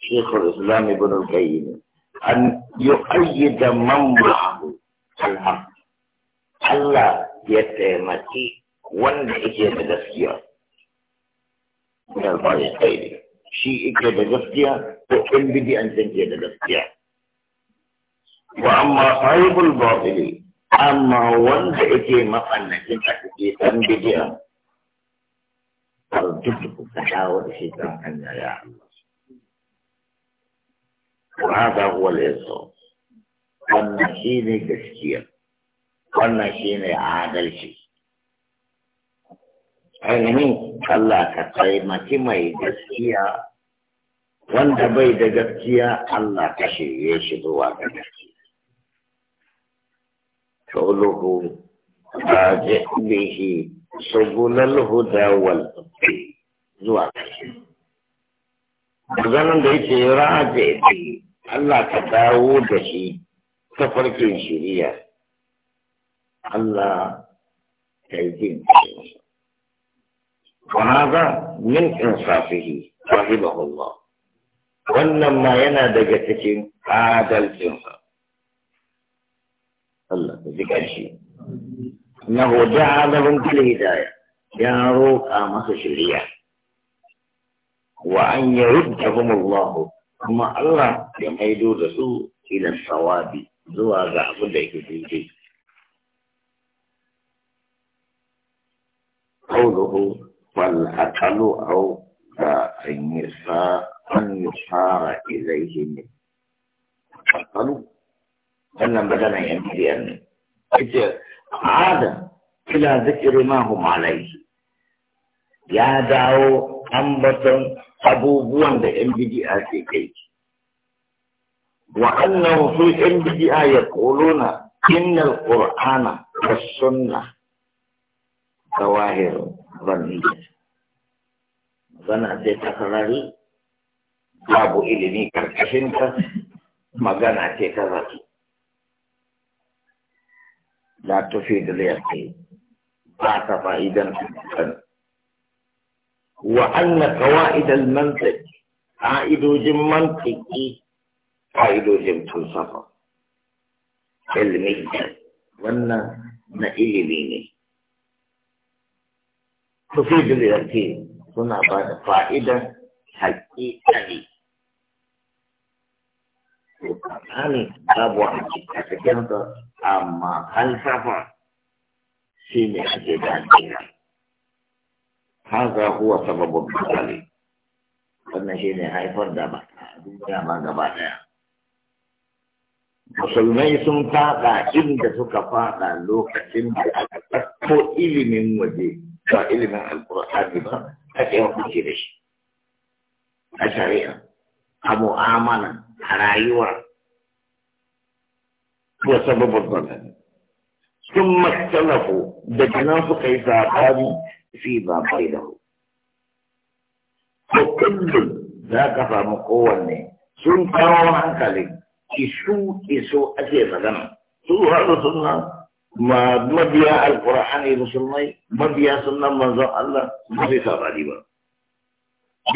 شيخ الإسلام ابن القيم أن يؤيد من معه الحق Allah ya taimaki wanda yake da gaskiya. Ina ya tsaye. Shi yake da gaskiya ko ɗan bidiyan can ke da gaskiya. Wa amma sahibul batili amma wanda yake mafannakin a cikin ɗan shi kan وهذا هو الإنصاف قلنا حين تشكير قلنا حين إعادة الشيء علمي الله كتايمة ما يدسكيا وانت بيد جبتيا الله كشي يشد واقع تقوله راجع به سبل الهدى والطبي زواج زمان دي راجع به Allah ka dawo da shi ta farkin shiriya Allah ka yi jin وهذا من إنصافه رحمه الله wannan ma yana daga cikin adalcinsa Allah ta ji ƙarshe na hoda adalin kila hidaya ya roƙa masa shari'a wa an yi rubda kuma Allah kuma Allah ya maido da su ilan sawabi zuwa ga abu da yake daidai. Kauluhu fal akalu au ba an yi sa an yi fara ilaihi ne. wannan ba zanen yan biyar ne. Ita Adam, kila zikirin mahu malaihi, ya dawo ambaton abubuwan da yan bidi'a ke kai wa annahu su yan bidi'a na innal qur'ana was sunnah zawahir zanniyyah magana sai ta sarari babu ilimi karkashinta magana ce ta zafi la tufi da zai ba ta fa'idan وأن قواعد المنطق قائد جم منطقي قائد جم فلسفة علمية وأن نئل ليني تفيد الأكيد هنا قائدة فائدة حقيقية Qur'ani باب واحد cikin أما فلسفة shi ne ake Haza هو سبب البطل wannan shi ne haifar da ba duniya ma gaba daya musulmai sun fada inda suka fada lokacin da aka ɗauko ilimin waje ba ilimin alƙur'ani ba a tsaye da shi a shari'a a mu'amala a rayuwa ko sababin zalani sun maktalafu daga nan suka yi sabani فيما بينه فكل ذاك فمقوان سن قرار عنك كلم كسو كسو أتي فدم سو هذا سنة ما مديا القرآن إلى سنة مديا سنة من ذا الله ما في خبريبا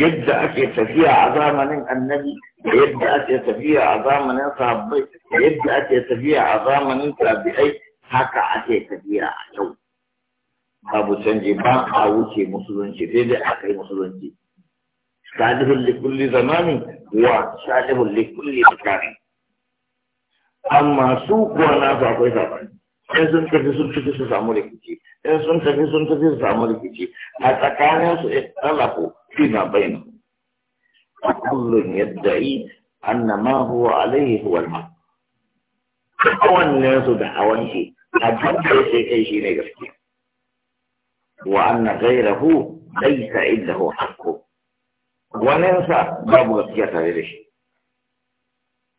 جد أتي تفيا النبي يبدأ أتي عظاما من صابي يبدأ أتي عظاما من تابعي هكا أتي تفيا عظاما babu canji ba a wuce musulunci sai dai a kai musulunci shalihun likulli zamani wa shalihun likulli tsakani amma su kuwa na su akwai sabani in sun tafi sun tafi su samu rikici in sun tafi sun tafi su samu rikici a tsakanin su ikhtalafu fina bainu kullun yadda'i yi ma huwa alaihi huwa ma haq wannan su da hawan shi a duk da sai kai shi ne gaskiya wa anna gaira hu laisa illa hu hakku wannan sa babu gaskiya tare da shi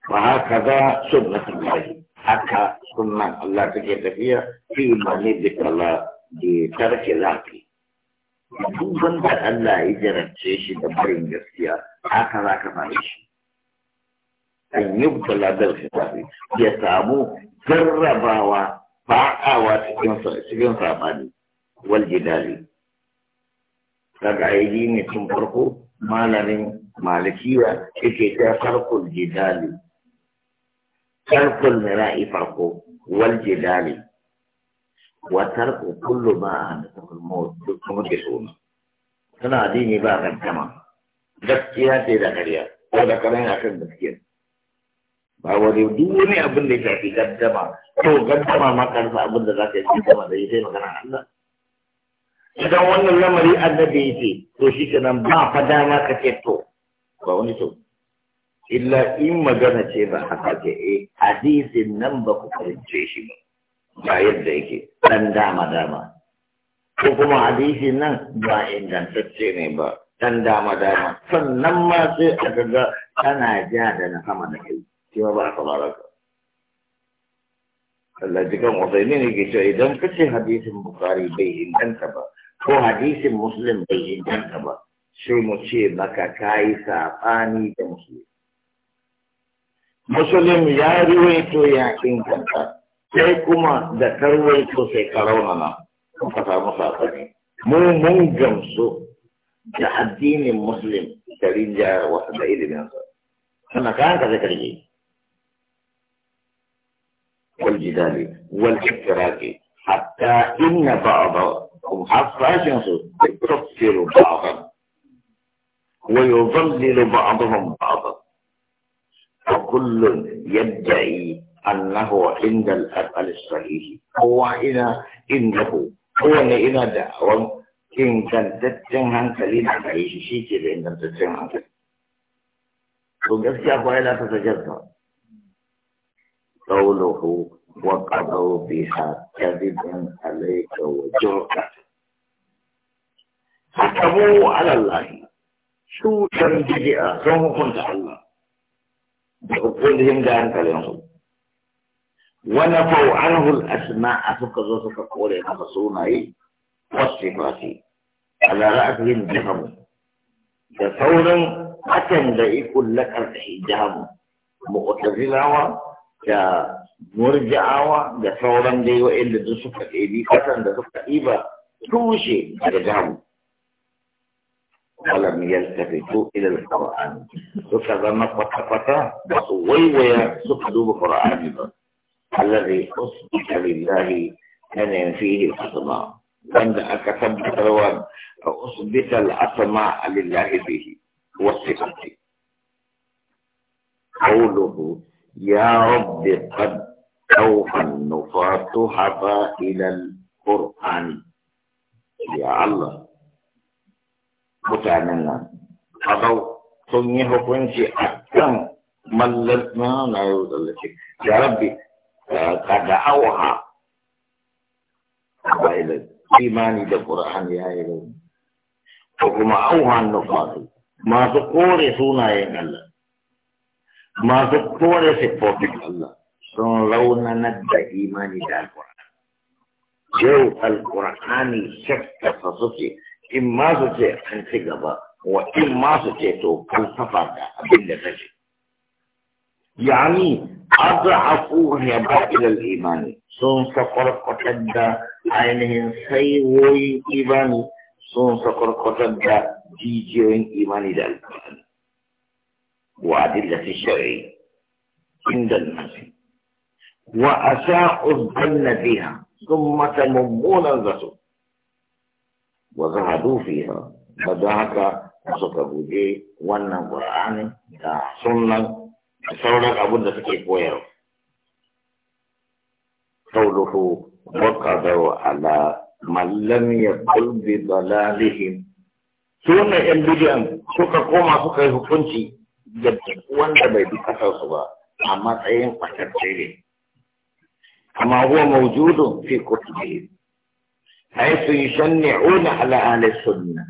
Ba haka da sunnatu Allah haka sunnan Allah take tafiya fi mali da kala da tarke duk wanda Allah ya jarace shi da barin gaskiya haka za ka fara shi an yi bala da shi ya samu jarrabawa ba cikin sabani والجدال kaga aidi ne tun farko malamin malikiya yake ta farkul jidali tarkul mira'i farko wal jidali wa tarku kullu ma an takul kuma ke suna suna addini ba gantama gaskiya ce da karya ko da ƙarya akan gaskiya ba wani duniya wani abin da ya shafi gantama to gantama ma karfa abin da za ka yi gantama da ya sai magana Allah idan wannan lamari annabi ya ce to shi kenan ba fa dama ka ce to ba wani to illa in magana ce ba haka ce eh hadisin nan ba ku fahimce shi ba ba yadda yake dan dama dama ko kuma hadisin nan ba ingantacce ne ba dan dama dama sannan ma sai a gaga tana ja da na sama da kai cewa ba ka baraka Allah jikan wasai ne ke cewa idan kace hadisin Bukhari bai inganta ba ko hadisin muslim bai inganta ba sai mu ce maka ka yi saɓani da musulmi musulmi ya riwaito ya inganta sai kuma da karwaito sai karauna na ka masa saɓani mu mun gamsu da addinin muslim da rinja wasu da iliminsa sannan kayan ka zai karge والجدال والافتراق حتى إن بعض وحفاشين يكفر بعضا ويضلل بعضهم بعضا وكل يدعي أنه عند الأب الصحيح هو إلى إنه هو إلى دعوة إن كان عن كلمة تعيش شيء كده إن كان تتنهن وقفت يا أخوة لا تتجدد قوله وقضوا بها كذبا عليك وجرأة حكموا على الله شو تنجدئة ثم كنت الله بعقولهم دان كلهم ونفوا عنه الأسماء فكذا فكوري فصوني والصفات على رأسهم جهم da أتن hakan لك ikon مؤتزلا da da murja'awa da sauran dai wa'inda duk suka ɗebi kasan da suka ɗiba tushe daga jamu ولم يلتفتوا إلى القرآن سكذا نقطة وصويوية سكذوا بقرآن الذي أصبح لله أن فيه الأسماء عند أكتب الروان أصبت الأسماء لله به والصفات قوله يا رب قد أوحى النفاة حفا إلى القرآن يا الله متعنى هذا سنية حكمشي أكثر ملتنا نعوذ الله يا ربي قد أوحى حفا إلى إيماني ده قرآن يا إلهي وكما أوحى النفاة ما تقول سنة الله masu kore siffofin Allah sun raunanar da imani da alkur'ani yau alkur'ani shakkasa suke in ma ce an ci gaba wa in ma ce to falsafa da abin da ta ce yani adrafu ya ba ilal imani sun sakwarkwatar da ainihin saiwoyin imani sun sakwarkwatar da jijiyoyin imani da alkur'ani وأدلة الشرع عند الناس وأساءوا الظن فيها ثم تلمون الرسول وزهدوا فيها فذاك أبو جي وانا قرآن سنة سورة أبو كيف كويرو قوله وقدروا على من لم يقل بضلالهم سنة البدع سكا كوما سكا يفكنشي jabban wanda bai bi kasar حيث يشنعون على اهل السنه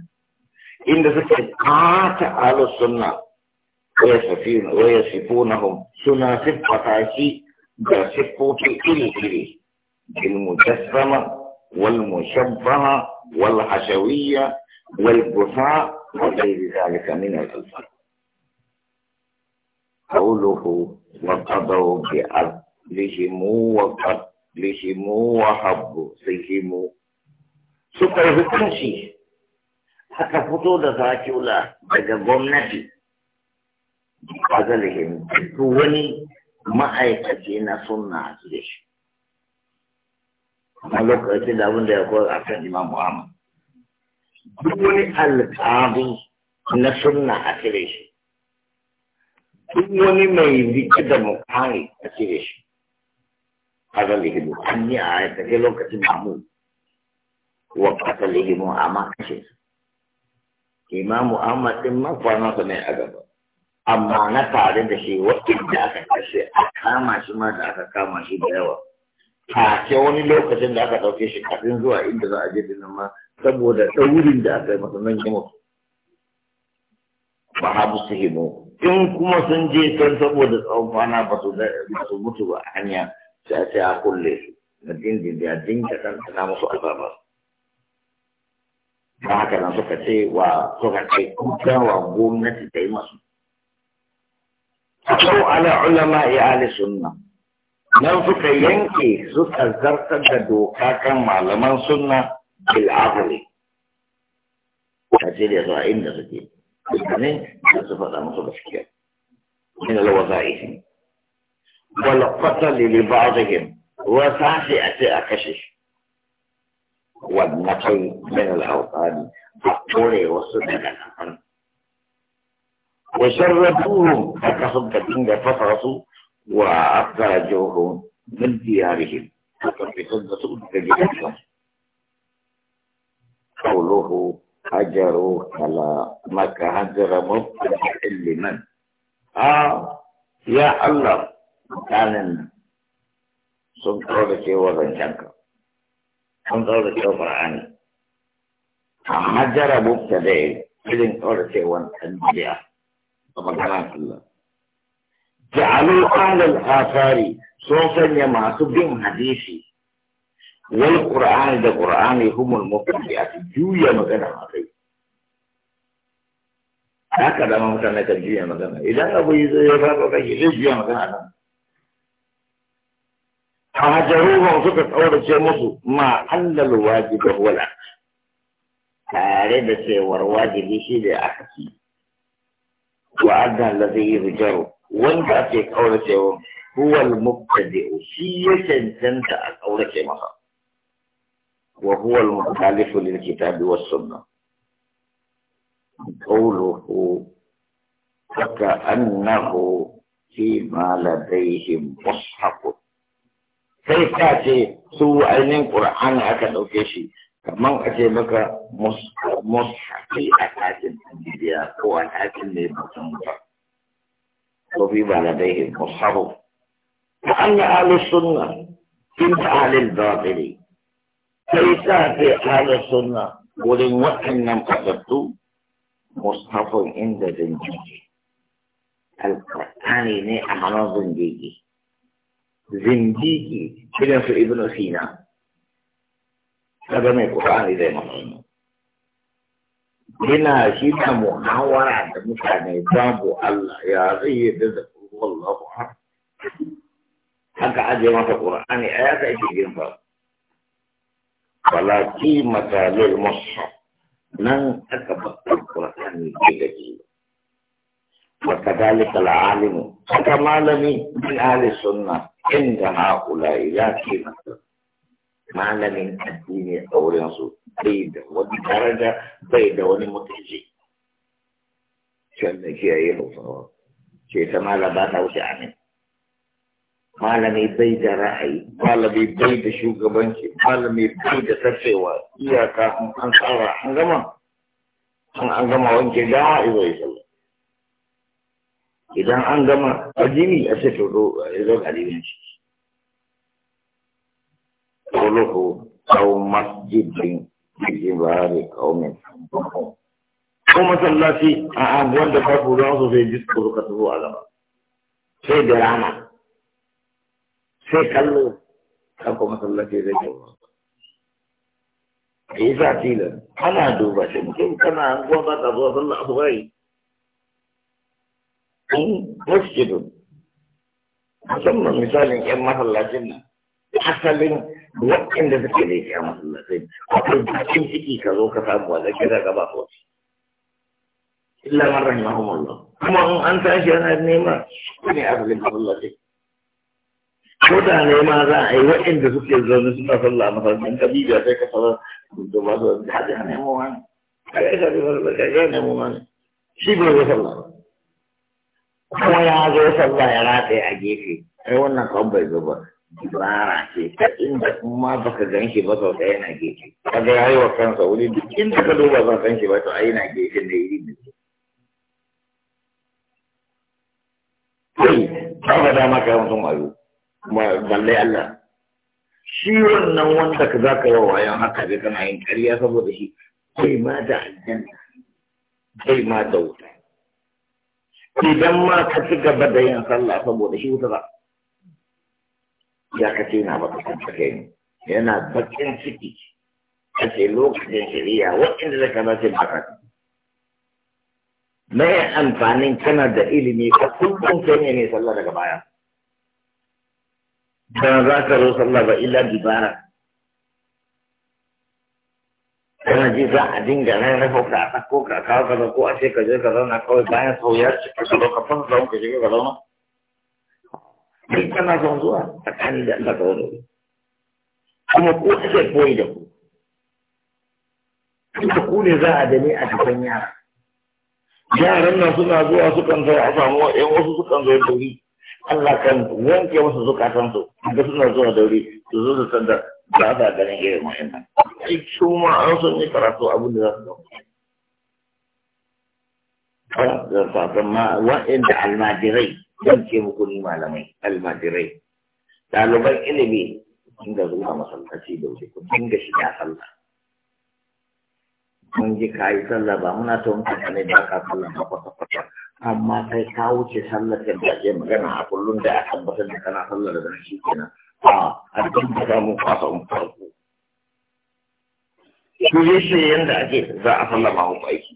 ان ذكرت اهل السنه ويصفون ويصفونهم تناسب قطعتي بصفوت الكل المجسمه والمشبهه والحشويه والبثاء وغير ذلك من الالفاظ قوله وقضوا بأرضهم وقتلهم وحبوا سهم سكر hukunci aka fito da zakula daga gwamnati fazalihim duk wani ma'aikaci na sunna su da shi a lokacin da abin ya koyar a kan imam muhammad duk wani alƙabi na sunna a cire shi duk wani mai rike da mukami a cire shi a ga zalihimu an yi a ya tafi lokacin mamu wa katalihimu a ma kashe su imamu ahmad din ma kwanansa ne a gaba amma na tare da shi da aka kashe a kama shi ma da aka kama shi da yawa take wani lokacin da aka ɗauke shi kafin zuwa inda za a je dinnan ma saboda ɗaurin da aka yi masa nan ya mutu ba habu su himo in kuma sun je can saboda tsawon kwana ba su mutu ba hanya sai sai a kulle su na dindin da dinka dan tana musu azaba ba haka nan suka ce wa suka ce kuka wa gwamnati ta yi masu Akwai ala ulama ya ali sunna nan suka yanke suka zartar da doka kan malaman sunna bil afali. Ka ce da su a inda suke. يعني صفة متبشكية من الوظائف والقتل لبعضهم وتعشئة أكشش والنقل من الأوطان الطول والسنة وشردوهم فقصد الدين ففرسوا وأخرجوهم من ديارهم فقد بصدة أدرجتهم قوله هجروا على مكة هجر مبتدع لمن آه يا الله كان سنقول لك وضع شنك سنقول لك وضع عني هجر مبتدع إذن قول لك وضع طبعا كلام الله جعلوا أهل الآثار سوفا يما تبين حديثي والقرآن ده قرآن هم المبتدئات جوية مكان حقيقي هكذا ما مثلا كان جوية مكان إذا أبو يزيد فيه جوية مكان فهجروه وصفت أول شيء مصر ما حل الواجب هو العكس تعرف سيور واجب شيء لأكسي وأدنى الذي يهجره وانت أتيك أول شيء هو المبتدئ سيسن سنتنت أول شيء مصر وهو المخالف للكتاب والسنة قوله فكأنه فيما لديهم مصحف sai ka ce su ainihin ƙur'ani aka ɗauke shi kamar a ce maka mushafi a takin Najeriya ko a takin ne mutum ba. Sofi ba da dai mushafu. Ta an na ahlus sunna, ta ahlul batili. كيف في أهل السنة ولن وحن انقذت مصطفى عند زنجيجي القرآن ني أعراض زنجيجي زنجيجي كده في ابن سينا هذا ما القرآن إذا ما هنا شيء محاورة مكان باب الله يا غير ذلك والله أعلم حتى عجبت القرآن آيات أجيب ينفع فلا قيمة للمصحف نن أكبر القرآن بجديد وكذلك العالم فكمالني من أهل السنة عند هؤلاء لا قيمة malamin addini a wurinsu bai da wani daraja bai da wani mutunci can da kiyaye hausawa ce ta malaba ta wuce amin malami bai da ra'ayi malami bai da shugabanci malami bai da tafewa iyaka an tsara an gama an an gama wanke gawa izo ya idan an gama ajimi a sai to zo ga dinin shi quluhu aw masjidin bijibari qaumin ko masallaci a anguwan da babu ruwan su sai disko suka tafi a gaba sai da rana sai kallo kan kuma sallace zai kyau yi sa tilan ana duba shi mutum kana hankuwa ba ta zuwa sallah abu bai in masjidun musamman misalin yan masallacin nan asalin da suke da yan masallacin akwai bakin ciki ka zo ka samu a zaki da ba ko illa man rahimahumullah kuma an tashi yana nema ne asalin masallacin ko da ne ma za a yi waɗanda suke zaune suna sallah masallacin kabila sai ka fara da ba su da hajji a nemo wani a ga isa bisa da kaga nemo wani shi bai zo sallah kuma ya zo sallah ya rataye a gefe ai wannan kawai bai zo ba dubara ce ta inda kuma baka gan shi ba sau ɗaya yana gefe kaga ya yi wa kansa wuri duk inda ka duba ba gan shi ba to ai na gefe ne iri da shi kai ba ga dama kai mutum ayu balle Allah shi wannan wanda ka zaka yi wayan haka bai kana yin ƙarya saboda shi bai ma da aljanna bai ma da wuta idan ma ka ci gaba da yin sallah saboda shi wuta ba ya ka ce ba baka tantake ni yana bakin ciki a ce lokacin shari'a waɗanda zaka ba ce baka mai amfanin kana da ilimi ka kullum kai ne sallah daga baya ba za ka zo sallah ba illa dibara kana ji za a dinga ko ka a ɗauko ka kawo ka ko a ce ka je ka zauna kawai bayan sau ya ce ka zo ka fasa ka je ka zauna kai kana son zuwa tsakani da Allah ka wani kuma ko ake koyi da ku kuma ku ne za a dame a cikin yara yaran nan suna zuwa sukan zo a samu ƴan wasu sukan zo da Allah kan wanke musu zukatansu da suna zuwa wuri, su zo da sandar ba sa ganin irin wa'annan ai su ma an sun yi karatu abin da za su zama da safin ma da almajirai zan ce muku ni malamai almajirai ɗaliban ilimi ga zuwa masallaci da wuce ku ga shiga sallah mun ji yi sallah ba muna ta wani ne ba ka sallah ba kwata-kwata amma kai ka wuce sallar da ake magana a kullum da aka tabbatar da kana sallar da shi kenan a addin da samu kwasa in farko su yi shi yadda ake za a sallama mu aiki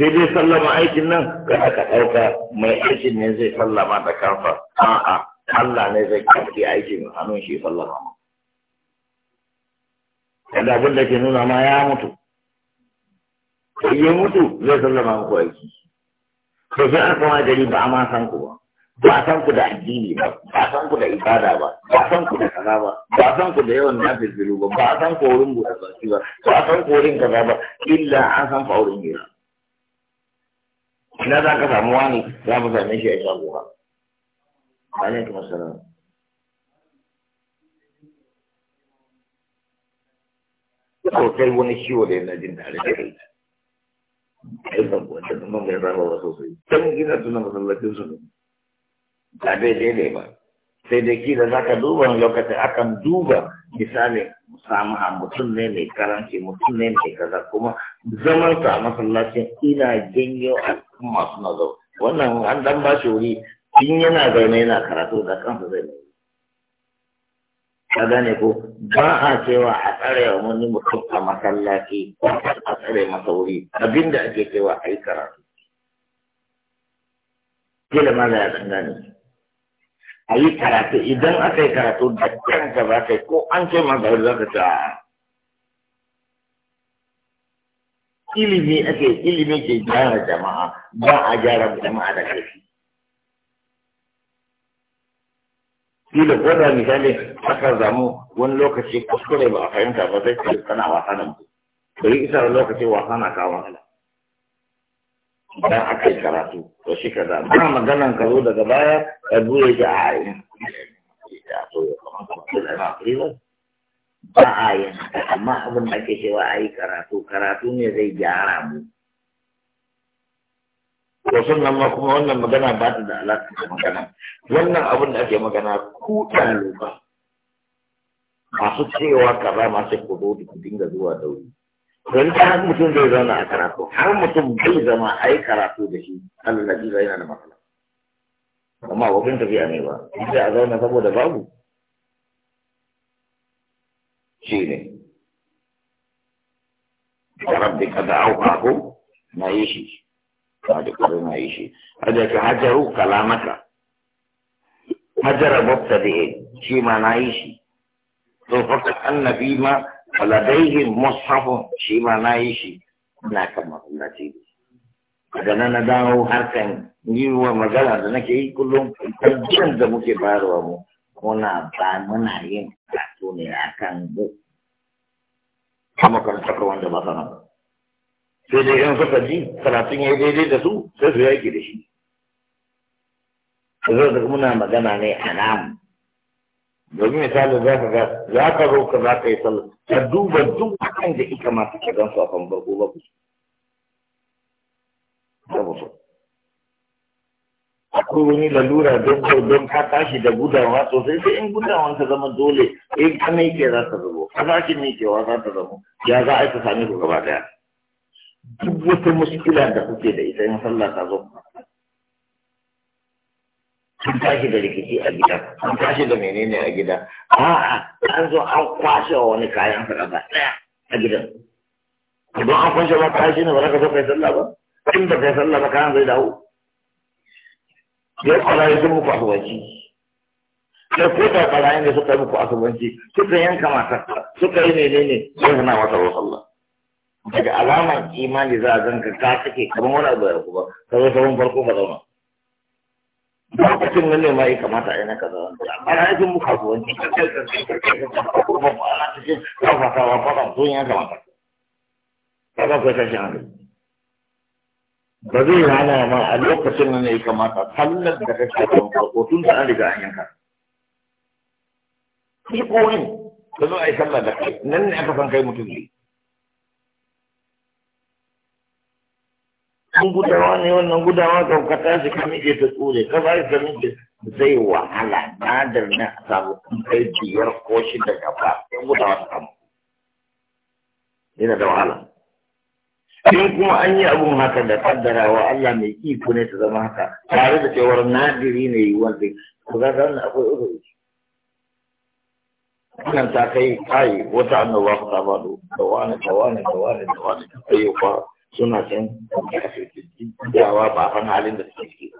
sai dai sallama aikin nan ga aka dauka mai aikin ne zai sallama da kansa a'a Allah ne zai karɓi aikin hannun shi sallama mu. Yadda abin da ke nuna ma ya mutu. in ya mutu zai zama ku aiki to sai aka kama gari ba a ma san ku ba ba a san ku da addini ba ba a san ku da ibada ba ba a san ku da kaza ba ba a san ku da yawan nafizilu ba ba a san ku wurin buɗe baki ba ba a san ku wurin kaza ba illa an san fa wurin gida ina za ka samu wani za mu same shi a shago ba alaikum assalam ko kai wani ciwo da yana jin tare da kai ai ban wanda kuma bai raba ba sosai can gina tuna masallacin su ne ba daidai ba sai da kila za ka duba lokacin akan duba misali samu a mutum ne mai karanci mutum ne mai kaza kuma zaman sa masallacin ina janyo al'umma suna zau wannan an dan ba shi wuri in yana zaune yana karatu da kansa zai ne ka gane ko ba a cewa a tsare wa wani mutum a masallaci a tsare masa wuri abinda ake cewa a yi karatu kila ma a san gane? a yi karatu idan aka yi karatu da kanka ba kai ko an ce ma ba za ka ta ilimi ake ilimi ke gyara jama'a ba a gyara jama'a da kai kila ko da misali aka zamu wani lokaci kuskure ba a fahimta ba sai kai kana wasa da mu yi isa lokaci wasa na kawo wahala idan aka yi karatu to shi ka za ba maganan ka zo daga baya ka buye ji a yin ba a yin amma abin da ake cewa a yi karatu karatu ne zai gyara mu to sannan ma kuma wannan magana ba ta da alaƙa da magana wannan abin da ake magana ku ɗaliba masu cewa kaza masu kudo da ku dinga zuwa da wuri don ta har mutum zai zauna a karatu har mutum bai zama a yi karatu da shi allah na jira yana da matsala amma wajen tafiya ne ba sai a zauna saboda babu shi ne da rabbi kada auka ko na yi shi بعد قرن عيشي هذاك حجره كلامك حجر مبتدئ شي ما نعيشي فقط أن فيما ولديه مصحف شي ما نعيشي هناك مغلتي daga nan na dawo harkan yiwuwa magana da nake yi kullum tarbiyyar da muke bayarwa mu muna ba muna yin karatu ne akan mu a makarantar wanda ba sanar sai dai in suka ji karatun ya daidai da su sai su yaki da shi zai da muna magana ne a namu domin misali za ka ga za ka zo ka za ka yi sallah ka duba duk kan da ita ma suke gan su a kan barko ba ku ba so? akwai wani lalura don don ka tashi da gudawa sosai sai in gudawa ta zama dole in ka mai ke za ka zama ka za ki mai kewa za ta zama ya za a yi ta sami ku gaba daya duk wata muskila da kuke da ita in sallah ta zo an tashi da rikici a gida an tashi da menene a gida a'a an zo an kwashe wa wani kayan sa gaba daya a gidan idan an kwashe ba kayan shi ne ba za ka zo kai sallah ba in ba kai sallah ba kayan zai dawo ya kwala ya muku asubanci sai ko da kwala ne suka yi muku asubanci suka yanka matar suka yi menene sai suna masa sallah daga alamar imani za a zanka ka take kamar wani abu ya kuma ka zo sabon farko ka zauna lokacin nan ma ya kamata a yi na kaza ba na aikin mu kasuwanci ka kai ka kai ka kai ka kuma ba a cikin kafasawa tashin hankali ba zai rana ma a lokacin nan ya kamata sallar da ka kai sabon farko tun da an riga an yanka shi ko ne ka zo a yi sallar da kai nan ne aka san kai mutum ne in gudawa ne wannan gudawa kaukata shi ka miƙe ta tsure ka ba ka miƙe zai wahala nadar na a samu kai biyar ko shi da gaba in gudawa ta kama yana da wahala in kuma an yi abun haka da kaddarawa Allah mai iko ne ta zama haka tare da cewar nadiri ne yi wanda ku ga ganin akwai uzuri wannan ta kai kai wata annoba ku ta ba da wani da wani da wani da wani da wani suna can da asibiti jawa ba san halin da suke ciki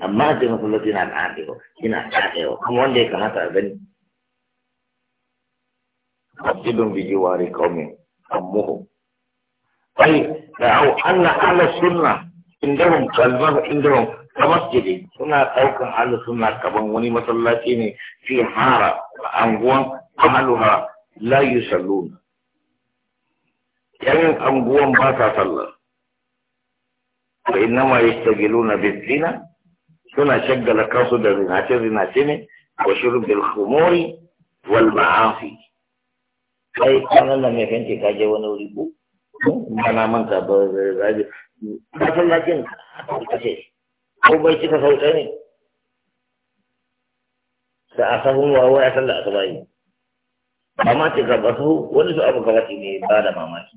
amma da masallaci na ɗaɗewa yana ɗaɗewa kuma wanda ya kamata a gani masjidun biji wari kaumin ammuhu ai da'au anna ala sunna indahum kalmar indahum masjidi suna ɗaukan Allah suna kaban wani masallaci ne fi hara a anguwan amaluha la yusalluna yan anguwan ba sa sallah fa innama yastagiluna bizina suna shaggala kansu da zinace zinace ne wa shurbil khumuri wal ma'afi kai kanan nan ne kanke ka je wani wuri ko mana manta ba zaje masallacin kace ko bai cika sauta ne da asahun wawa ya sallah asabai amma ce gaba sahu wani su abu gabati ne ba da mamaki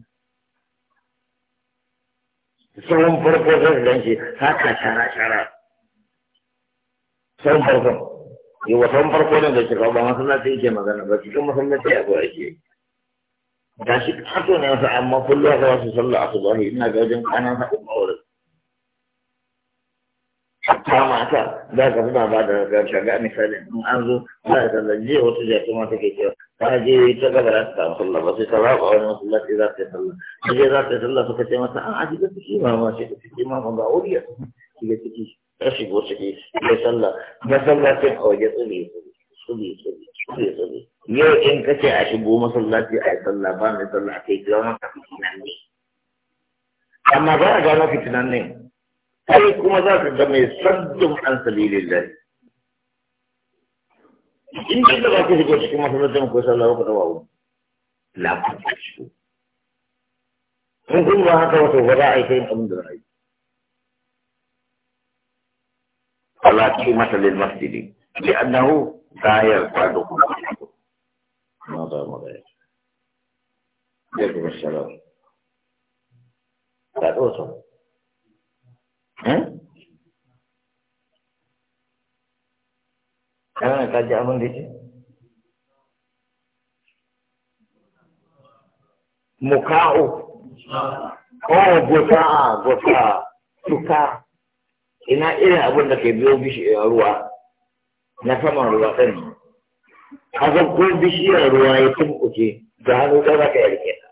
tsawon farko zan gan shi haka shara-shara tsawon farko yi wa tsawon farko ne da shi kawo ba masallaci yake magana ba cikin masallaci ya kuwa yake da shi kato ne wasu amma kullum a wasu sallah a subahi ina ga wajen kanan sa wurin ta mata za ka suna ba da ga misalin in an zo za ka da je wata jaki ma take cewa ta je ta gaba za ta samu sallah ba sai ta ba ba wani masallaci za ta yi sallah ta je za ta yi sallah suka ce masa an aji da ciki ma ma ce da ciki ma ma ga uriya shiga ciki ta shigo ciki ya sallah na sallah sai a waje tsiri tsiri tsiri tsiri tsiri yau in ka ce a shigo masallaci a yi sallah ba mai sallah a kai gama ka fi tunan ne amma ba a gano fitinan ne kai kuma za ka ga mai saddun an sabilillah in dai da ba ku shigo cikin masallacin ku sallah ku tawa ku la ku shigo kun kun ba haka wato ba za a yi kai abin da za a yi ala qimata lil masjidi li'annahu la yarfa'u ma da ma da ya ku sallah ta dosa Kana ka ji abin da ce? Muka'u. Oh, oh gosa'a, gosa'a, Ina irin abin da ke biyo bishiyar eh, ruwa, na saman ruwa ɗin. Hazan ko bishiyar ruwa ya tumɓuke, da hannu ɗan za ka yarke ta.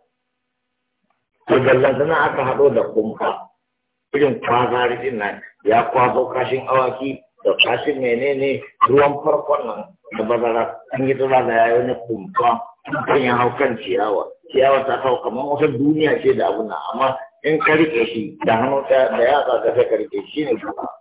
To, gallantana aka haɗo da kumfa. irin kwazari nan ya kwaso kashin awaki da kashin menene ruwan farkon nan da bazara an yi tura da yayo na kumfa kan ya hau kan ciyawa ciyawa ta hau kamar wata duniya ce da abu na amma in ka rike shi da hannu da yatsa ka sai rike shi ne kuma